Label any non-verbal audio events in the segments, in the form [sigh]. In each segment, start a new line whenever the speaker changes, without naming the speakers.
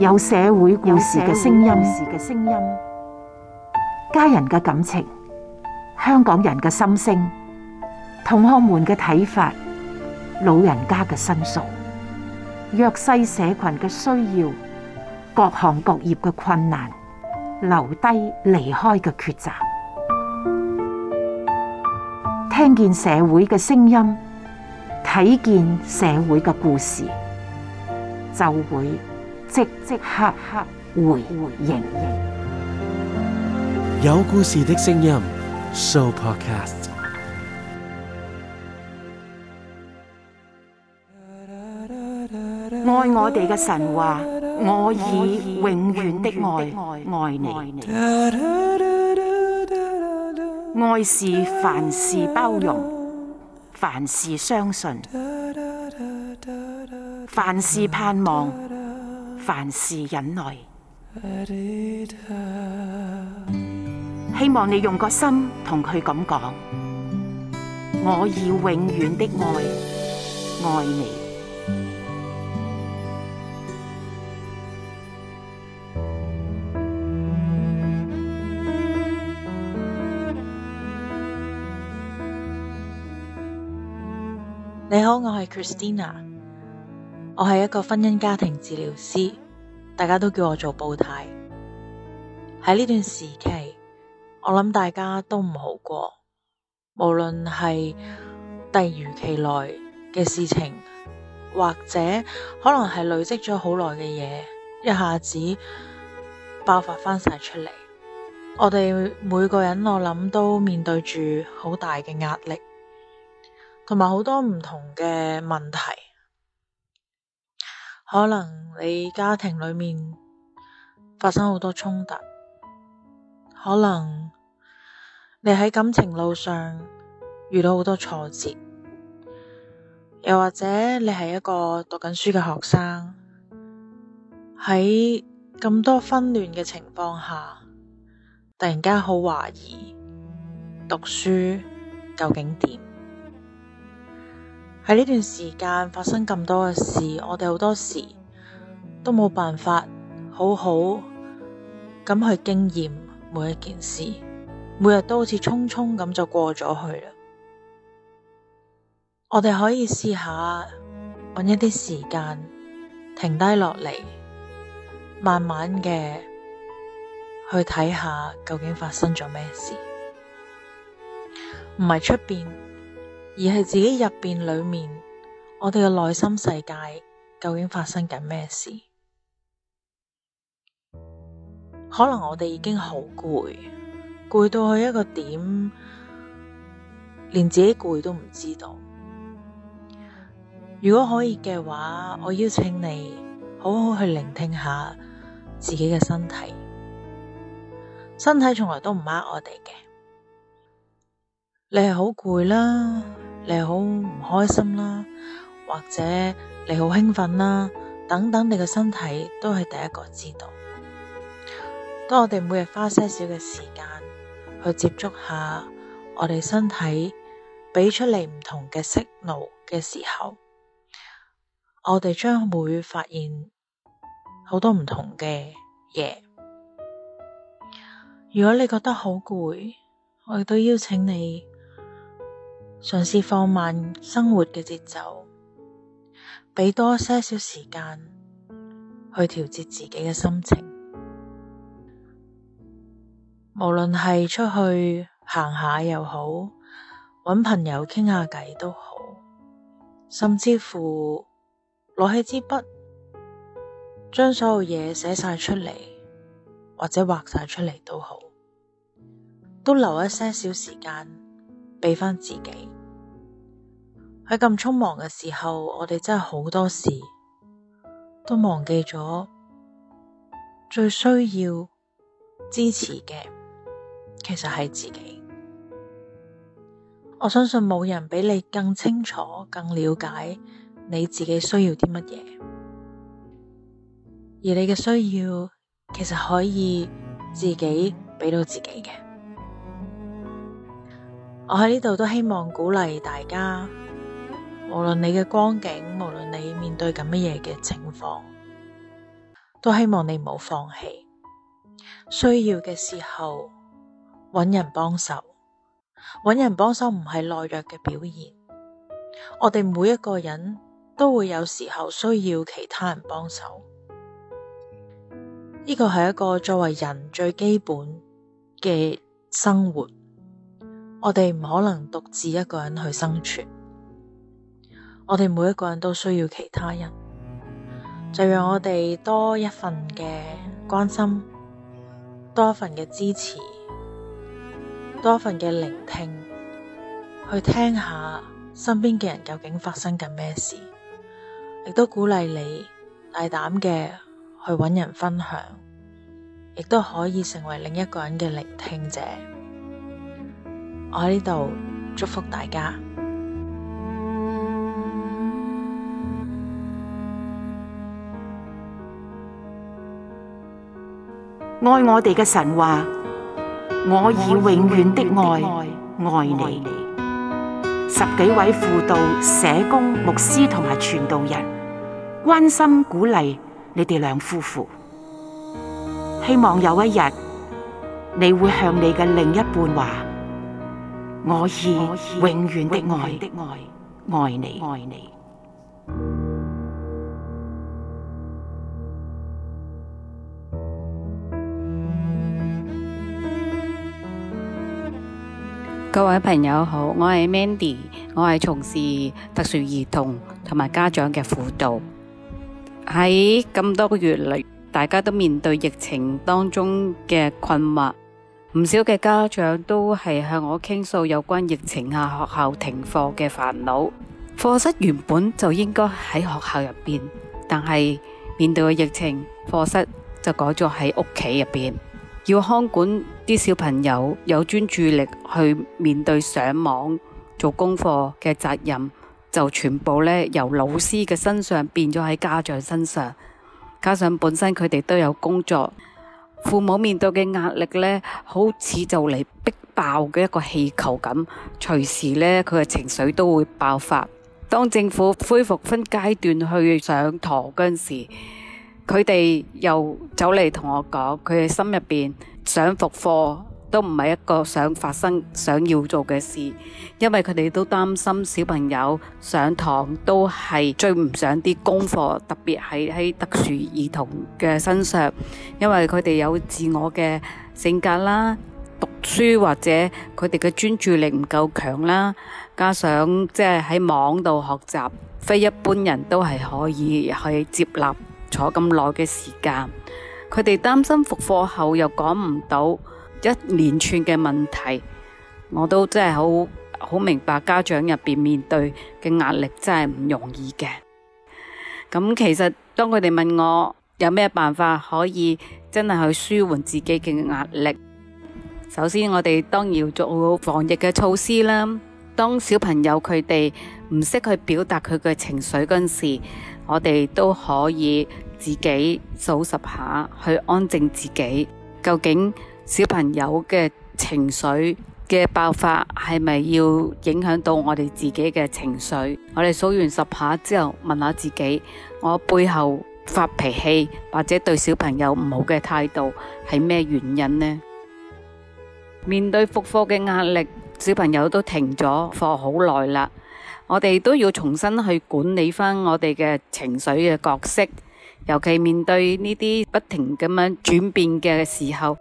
有社會故事嘅聲音，家人嘅感情，香港人嘅心聲，同學們嘅睇法，老人家嘅申訴，弱勢社群嘅需要，各行各業嘅困難，留低離開嘅抉擇，聽見社會嘅聲音，睇見社會嘅故事，就會。即即刻刻回回應應，
有故事的聲音，So Podcast。
愛我哋嘅神話，我以永遠的愛愛你。愛是凡事包容，凡事相信，凡事盼望。凡事忍耐，希望你用個心同佢咁講，
我
要永遠的愛愛你。
你好，我係 Christina。我係一個婚姻家庭治療師，大家都叫我做報太。喺呢段時期，我諗大家都唔好過，無論係突如其來嘅事情，或者可能係累積咗好耐嘅嘢，一下子爆發翻晒出嚟。我哋每個人，我諗都面對住好大嘅壓力，同埋好多唔同嘅問題。可能你家庭裏面發生好多衝突，可能你喺感情路上遇到好多挫折，又或者你係一個讀緊書嘅學生，喺咁多紛亂嘅情況下，突然間好懷疑讀書究竟點。喺呢段時間發生咁多嘅事，我哋好多時都冇辦法好好咁去經驗每一件事，每日都好似匆匆咁就過咗去啦。我哋可以試下搵一啲時間停低落嚟，慢慢嘅去睇下究竟發生咗咩事，唔係出面。而係自己入面裏面，我哋嘅內心世界究竟發生緊咩事？可能我哋已經好攰，攰到去一個點，連自己攰都唔知道。如果可以嘅話，我邀請你好好去聆聽下自己嘅身體，身體從來都唔呃我哋嘅。你係好攰啦，你係好唔開心啦，或者你好興奮啦，等等，你嘅身體都係第一個知道。當我哋每日花些少嘅時間去接觸下我哋身體畀出嚟唔同嘅信號嘅時候，我哋將會發現好多唔同嘅嘢。如果你覺得好攰，我亦都邀請你。嘗試放慢生活嘅節奏，畀多些少時間去調節自己嘅心情。無論係出去行下又好，揾朋友傾下偈都好，甚至乎攞起支筆，將所有嘢寫晒出嚟，或者畫晒出嚟都好，都留一些少時間畀返自己。喺咁匆忙嘅時候，我哋真係好多事都忘記咗，最需要支持嘅其實係自己。我相信冇人比你更清楚、更了解你自己需要啲乜嘢，而你嘅需要其實可以自己俾到自己嘅。我喺呢度都希望鼓勵大家。無論你嘅光景，無論你面對緊乜嘢嘅情況，都希望你唔好放棄。需要嘅時候，搵人幫手。搵人幫手唔係懦弱嘅表現。我哋每一個人都會有時候需要其他人幫手。呢個係一個作為人最基本嘅生活。我哋唔可能獨自一個人去生存。我哋每一個人都需要其他人，就讓我哋多一份嘅關心，多一份嘅支持，多一份嘅聆聽，去聽下身邊嘅人究竟發生緊咩事，亦都鼓勵你大膽嘅去揾人分享，亦都可以成為另一個人嘅聆聽者。我喺呢度祝福大家。
愛我哋嘅神話，我以永遠的愛愛你。十幾位輔導、社工、牧師同埋傳道人，關心鼓勵你哋兩夫婦。希望有一日，你會向你嘅另一半話：我以永遠的愛愛你。
各位朋友好，我係 Mandy，我係從事特殊兒童同埋家長嘅輔導。喺咁多個月嚟，大家都面對疫情當中嘅困惑，唔少嘅家長都係向我傾訴有關疫情下學校停課嘅煩惱。課室原本就應該喺學校入邊，但係面對嘅疫情，課室就改咗喺屋企入邊，要看管。啲小朋友有專注力去面對上網做功課嘅責任，就全部咧由老師嘅身上變咗喺家長身上。加上本身佢哋都有工作，父母面對嘅壓力咧，好似就嚟逼爆嘅一個氣球咁，隨時咧佢嘅情緒都會爆發。當政府恢復分階段去上堂嗰陣時，佢哋又走嚟同我講，佢嘅心入邊。想復課都唔係一個想發生、想要做嘅事，因為佢哋都擔心小朋友上堂都係追唔上啲功課，特別係喺特殊兒童嘅身上，因為佢哋有自我嘅性格啦，讀書或者佢哋嘅專注力唔夠強啦，加上即係喺網度學習，非一般人都係可以去接納坐咁耐嘅時間。佢哋擔心復課後又講唔到一連串嘅問題，我都真係好好明白家長入面面對嘅壓力真係唔容易嘅。咁其實當佢哋問我有咩辦法可以真係去舒緩自己嘅壓力，首先我哋當然要做好防疫嘅措施啦。當小朋友佢哋唔識去表達佢嘅情緒嗰陣時，我哋都可以自己數十下去安靜自己。究竟小朋友嘅情緒嘅爆發係咪要影響到我哋自己嘅情緒？我哋數完十下之後，問下自己：我背後發脾氣或者對小朋友唔好嘅態度係咩原因呢？面對復課嘅壓力。小朋友都停咗課好耐啦，我哋都要重新去管理翻我哋嘅情緒嘅角色，尤其面對呢啲不停咁樣轉變嘅時候，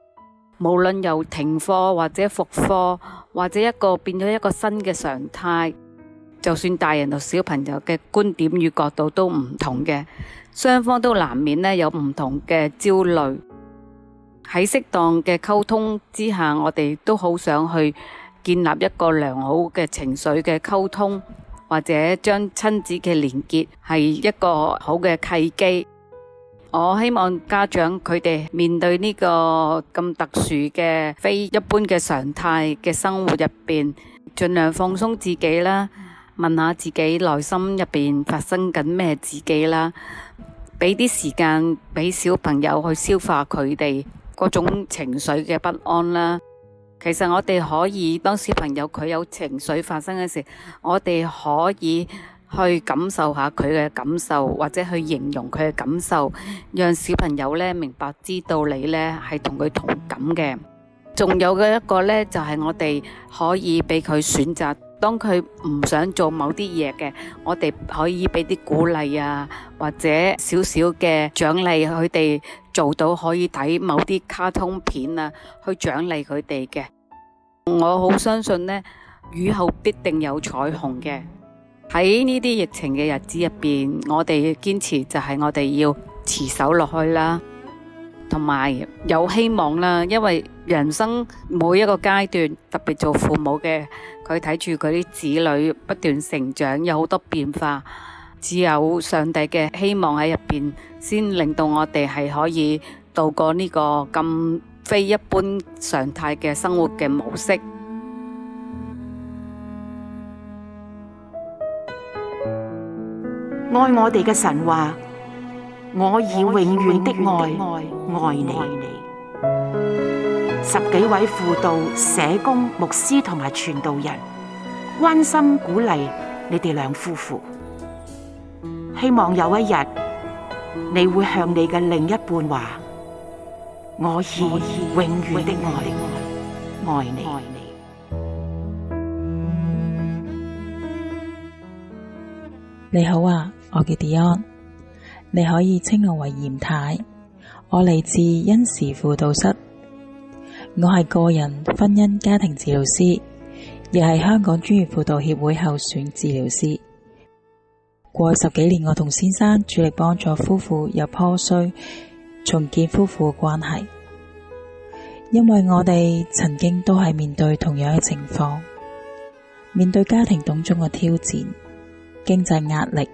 無論由停課或者復課，或者一個變咗一個新嘅常態，就算大人同小朋友嘅觀點與角度都唔同嘅，雙方都難免咧有唔同嘅焦慮。喺適當嘅溝通之下，我哋都好想去。建立一個良好嘅情緒嘅溝通，或者將親子嘅連結係一個好嘅契機。我希望家長佢哋面對呢個咁特殊嘅非一般嘅常態嘅生活入邊，盡量放鬆自己啦，問下自己內心入邊發生緊咩自己啦，俾啲時間俾小朋友去消化佢哋嗰種情緒嘅不安啦。其實我哋可以當小朋友佢有情緒發生嘅時，我哋可以去感受下佢嘅感受，或者去形容佢嘅感受，讓小朋友咧明白知道你咧係同佢同感嘅。仲有嘅一個咧，就係我哋可以俾佢選擇，當佢唔想做某啲嘢嘅，我哋可以俾啲鼓勵啊，或者少少嘅獎勵佢哋。做到可以睇某啲卡通片啊，去獎勵佢哋嘅。我好相信呢，雨後必定有彩虹嘅。喺呢啲疫情嘅日子入邊，我哋堅持就係我哋要持守落去啦，同埋有，有希望啦。因為人生每一個階段，特別做父母嘅，佢睇住佢啲子女不斷成長，有好多變化。只有上帝嘅希望喺入邊，先令到我哋係可以度過呢個咁非一般常態嘅生活嘅模式。愛我哋嘅神話，我
以永遠的愛愛你。十幾位輔導、社工、牧師同埋傳道人，關心鼓勵你哋兩夫婦。希望有一日，你會向你嘅另一半話：我願意永遠的愛愛你。
你 [music] 你好啊，我叫 Dion，你可以稱我為嚴太。我嚟自恩時輔導室，我係個人婚姻家庭治療師，亦係香港專業輔導協會候選治療師。過去十幾年，我同先生主力幫助夫婦又破碎重建夫婦嘅關係，因為我哋曾經都係面對同樣嘅情況，面對家庭當中嘅挑戰、經濟壓力、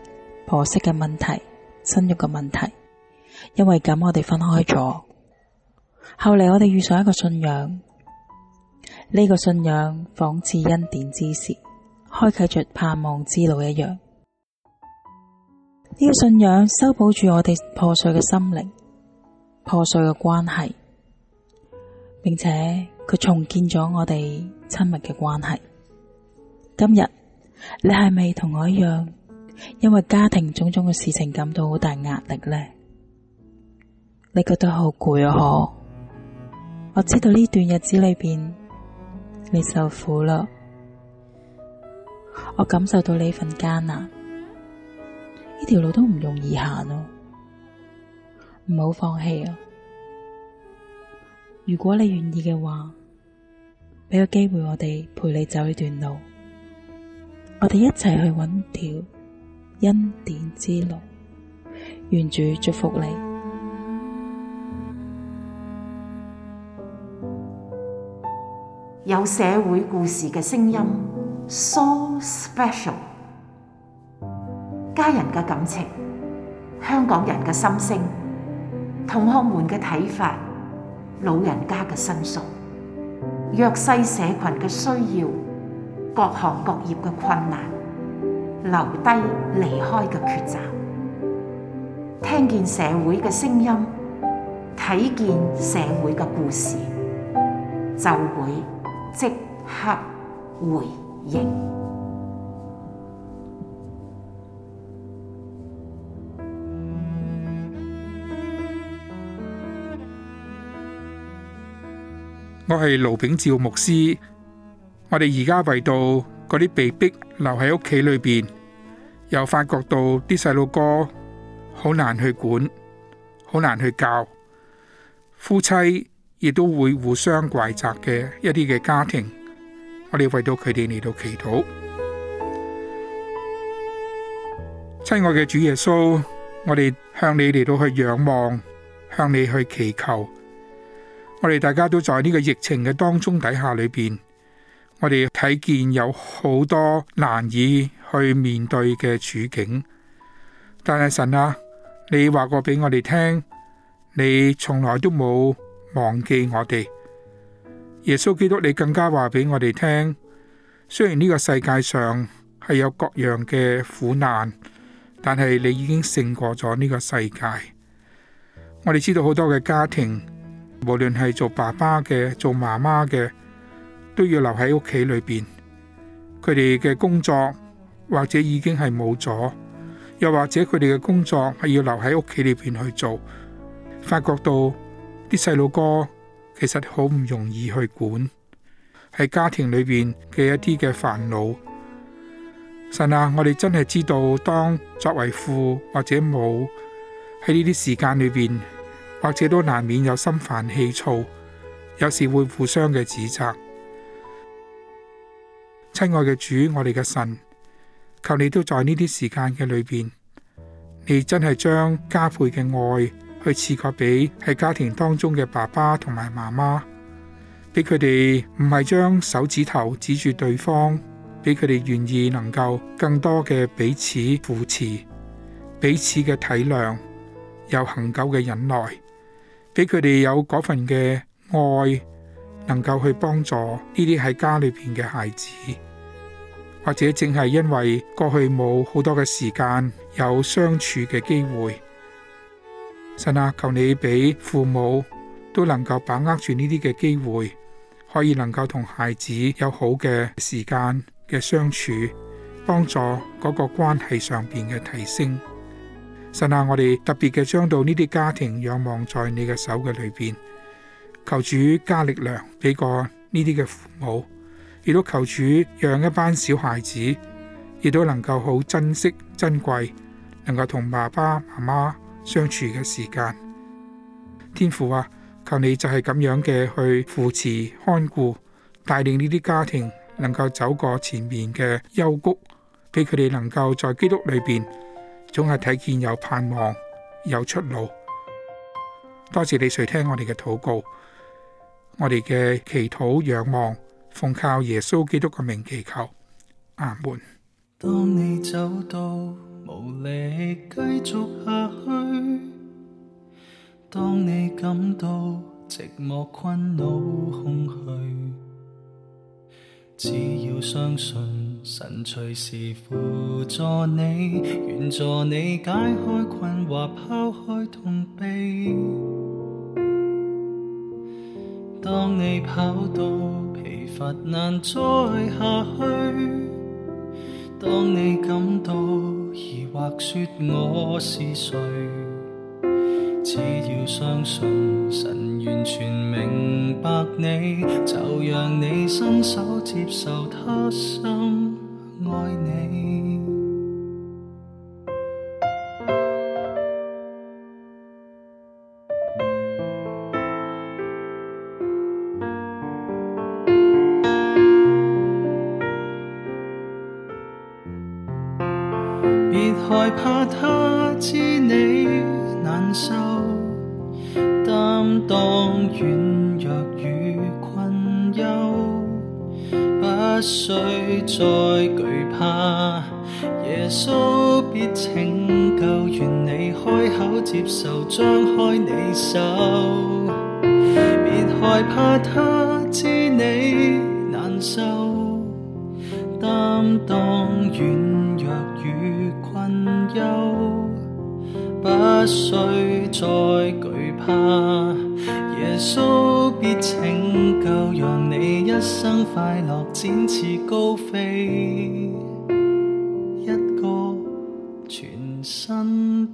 婆媳嘅問題、生育嘅問題，因為咁我哋分開咗。後嚟我哋遇上一個信仰，呢個信仰仿似恩典之時，開啟着盼望之路一樣。呢個信仰修補住我哋破碎嘅心靈、破碎嘅關係，並且佢重建咗我哋親密嘅關係。今日你係咪同我一樣，因為家庭種種嘅事情感到好大壓力呢？你覺得好攰啊嗬？我知道呢段日子裏面你受苦啦，我感受到呢份艱難。呢條路都唔容易行哦、啊，唔好放棄啊！如果你願意嘅話，俾個機會我哋陪你走呢段路，我哋一齊去揾條恩典之路。願主祝福你。
有社會故事嘅聲音，So special。家人嘅感情，香港人嘅心聲，同學們嘅睇法，老人家嘅申訴，弱勢社群嘅需要，各行各業嘅困難，留低離開嘅抉擇，聽見社會嘅聲音，睇見社會嘅故事，就會即刻回應。
我係盧炳照牧師，我哋而家為到嗰啲被逼留喺屋企裏邊，又發覺到啲細路哥好難去管，好難去教，夫妻亦都會互相怪責嘅一啲嘅家庭，我哋為到佢哋嚟到祈禱。親愛嘅主耶穌，我哋向你嚟到去仰望，向你去祈求。我哋大家都在呢個疫情嘅當中底下裏邊，我哋睇見有好多難以去面對嘅處境。但係神啊，你話過俾我哋聽，你從來都冇忘記我哋。耶穌基督，你更加話俾我哋聽，雖然呢個世界上係有各樣嘅苦難，但係你已經勝過咗呢個世界。我哋知道好多嘅家庭。無論係做爸爸嘅、做媽媽嘅，都要留喺屋企裏邊。佢哋嘅工作或者已經係冇咗，又或者佢哋嘅工作係要留喺屋企裏邊去做，發覺到啲細路哥其實好唔容易去管,係家庭裏邊嘅一啲嘅煩惱。神啊，我哋真係知道，當作為父或者母，喺呢啲時間裏邊。或者都難免有心煩氣躁，有時會互相嘅指責。親愛嘅主，我哋嘅神，求你都在呢啲時間嘅裏邊，你真係將加倍嘅愛去賜給俾喺家庭當中嘅爸爸同埋媽媽，俾佢哋唔係將手指頭指住對方，俾佢哋願意能夠更多嘅彼此扶持、彼此嘅體諒，有恆久嘅忍耐。俾佢哋有嗰份嘅愛，能夠去幫助呢啲喺家裏面嘅孩子，或者淨係因為過去冇好多嘅時間有相處嘅機會，神啊，求你俾父母都能夠把握住呢啲嘅機會，可以能夠同孩子有好嘅時間嘅相處，幫助嗰個關係上面嘅提升。神啊，我哋特別嘅將到呢啲家庭仰望在你嘅手嘅裏邊，求主加力量俾個呢啲嘅父母，亦都求主讓一班小孩子亦都能夠好珍惜珍貴，能夠同爸爸媽媽相處嘅時間。天父啊，求你就係咁樣嘅去扶持看顧帶領呢啲家庭，能夠走過前面嘅幽谷，俾佢哋能夠在基督裏邊。總係睇見有盼望，有出路。多謝你垂聽我哋嘅禱告，我哋嘅祈禱仰望，奉靠耶穌基督嘅名祈求。阿門。當
你走到無力繼續下去，當你感到寂寞、困惱、空虛。只要相信神隨時輔助你，援助你解開困惑、拋開痛悲。當你跑到疲乏難再下去，當你感到疑惑說我是誰，只要相信神。完全明白你，就讓你伸手接受他心愛你。口接受，張開你手，別害怕他知你難受。擔當軟弱與困憂，不需再懼怕。耶穌必拯救，讓你一生快樂展翅高飛。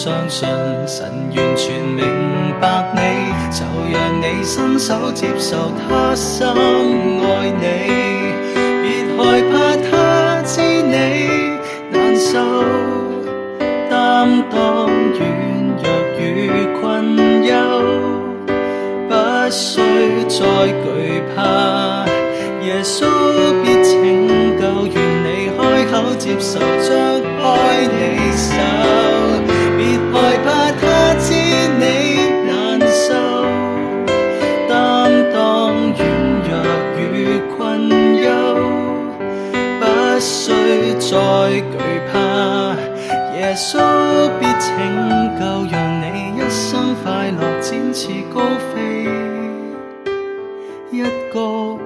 相信神完全明白你，就讓你伸手接受他深愛你。別害怕他知你難受，擔當軟弱與困憂，不需再懼怕。耶穌必拯救，願你開口接受着愛你。困憂不需再懼怕，耶穌必拯救，讓你一生快樂，展翅高飛，一個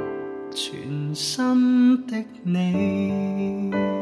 全新的你。